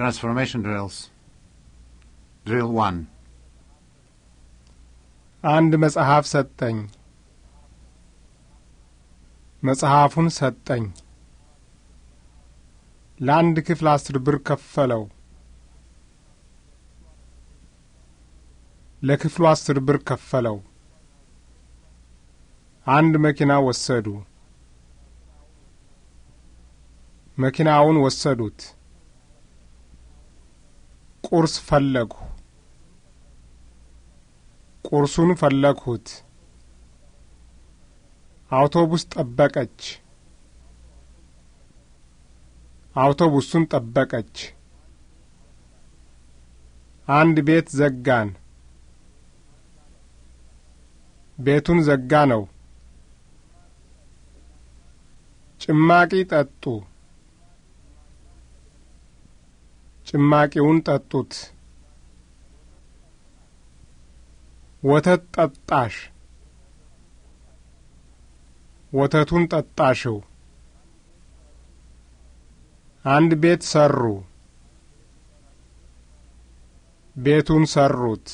Transformation drills. Drill 1 አንድ መጽሐፍ ሰጠኝ። መጽሐፉን ሰጠኝ። ለአንድ ክፍል አስር ብር ከፈለው። ለክፍሉ አስር ብር ከፈለው። አንድ መኪና ወሰዱ። መኪናውን ወሰዱት። ቁርስ ፈለግሁ። ቁርሱን ፈለግሁት። አውቶቡስ ጠበቀች። አውቶቡሱን ጠበቀች። አንድ ቤት ዘጋን። ቤቱን ዘጋ ነው። ጭማቂ ጠጡ። ጭማቂውን ጠጡት። ወተት ጠጣሽ፣ ወተቱን ጠጣሽው። አንድ ቤት ሰሩ፣ ቤቱን ሰሩት።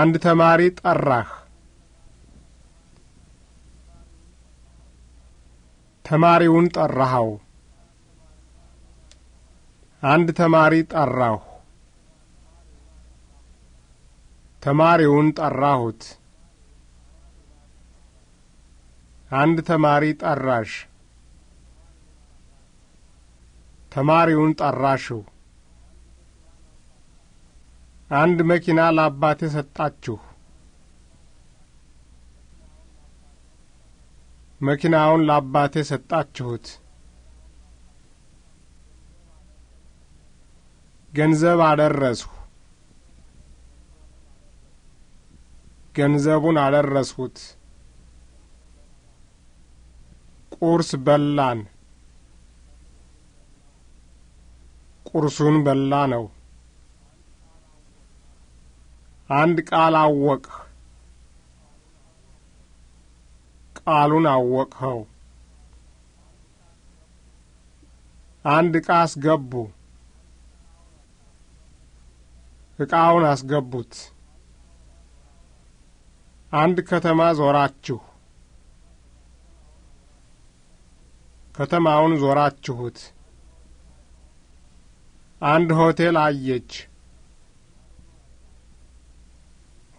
አንድ ተማሪ ጠራህ፣ ተማሪውን ጠራኸው። አንድ ተማሪ ጠራሁ። ተማሪውን ጠራሁት። አንድ ተማሪ ጠራሽ። ተማሪውን ጠራሽው። አንድ መኪና ለአባቴ ሰጣችሁ። መኪናውን ለአባቴ ሰጣችሁት። ገንዘብ አደረስሁ። ገንዘቡን አደረስሁት። ቁርስ በላን። ቁርሱን በላ ነው። አንድ ቃል አወቅህ። ቃሉን አወቅኸው። አንድ ዕቃ አስገቡ። ዕቃውን አስገቡት። አንድ ከተማ ዞራችሁ። ከተማውን ዞራችሁት። አንድ ሆቴል አየች።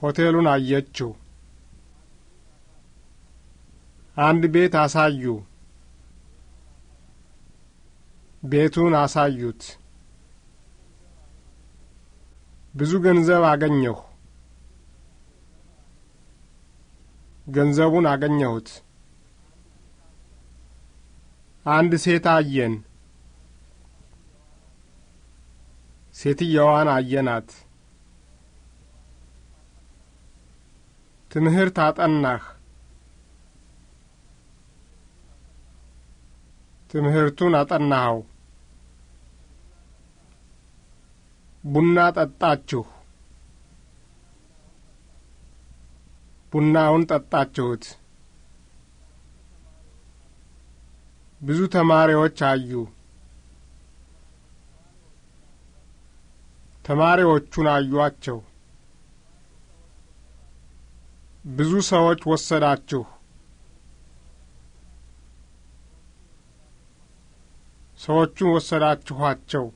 ሆቴሉን አየችው። አንድ ቤት አሳዩ። ቤቱን አሳዩት። ብዙ ገንዘብ አገኘሁ። ገንዘቡን አገኘሁት። አንድ ሴት አየን። ሴትየዋን አየናት። ትምህርት አጠናህ። ትምህርቱን አጠናኸው። ቡና ጠጣችሁ። ቡናውን ጠጣችሁት። ብዙ ተማሪዎች አዩ። ተማሪዎቹን አዩአቸው። ብዙ ሰዎች ወሰዳችሁ። ሰዎቹን ወሰዳችኋቸው።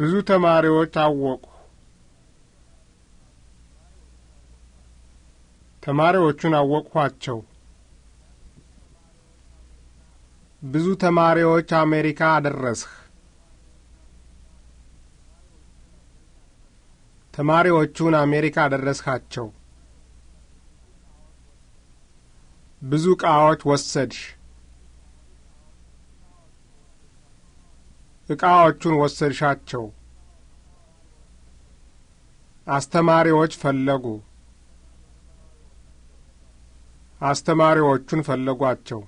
ብዙ ተማሪዎች አወቁ። ተማሪዎቹን አወቅኋቸው። ብዙ ተማሪዎች አሜሪካ አደረስህ። ተማሪዎቹን አሜሪካ አደረስካቸው። ብዙ ዕቃዎች ወሰድሽ። ዕቃዎቹን ወሰድሻቸው። አስተማሪዎች ፈለጉ። አስተማሪዎቹን ፈለጓቸው።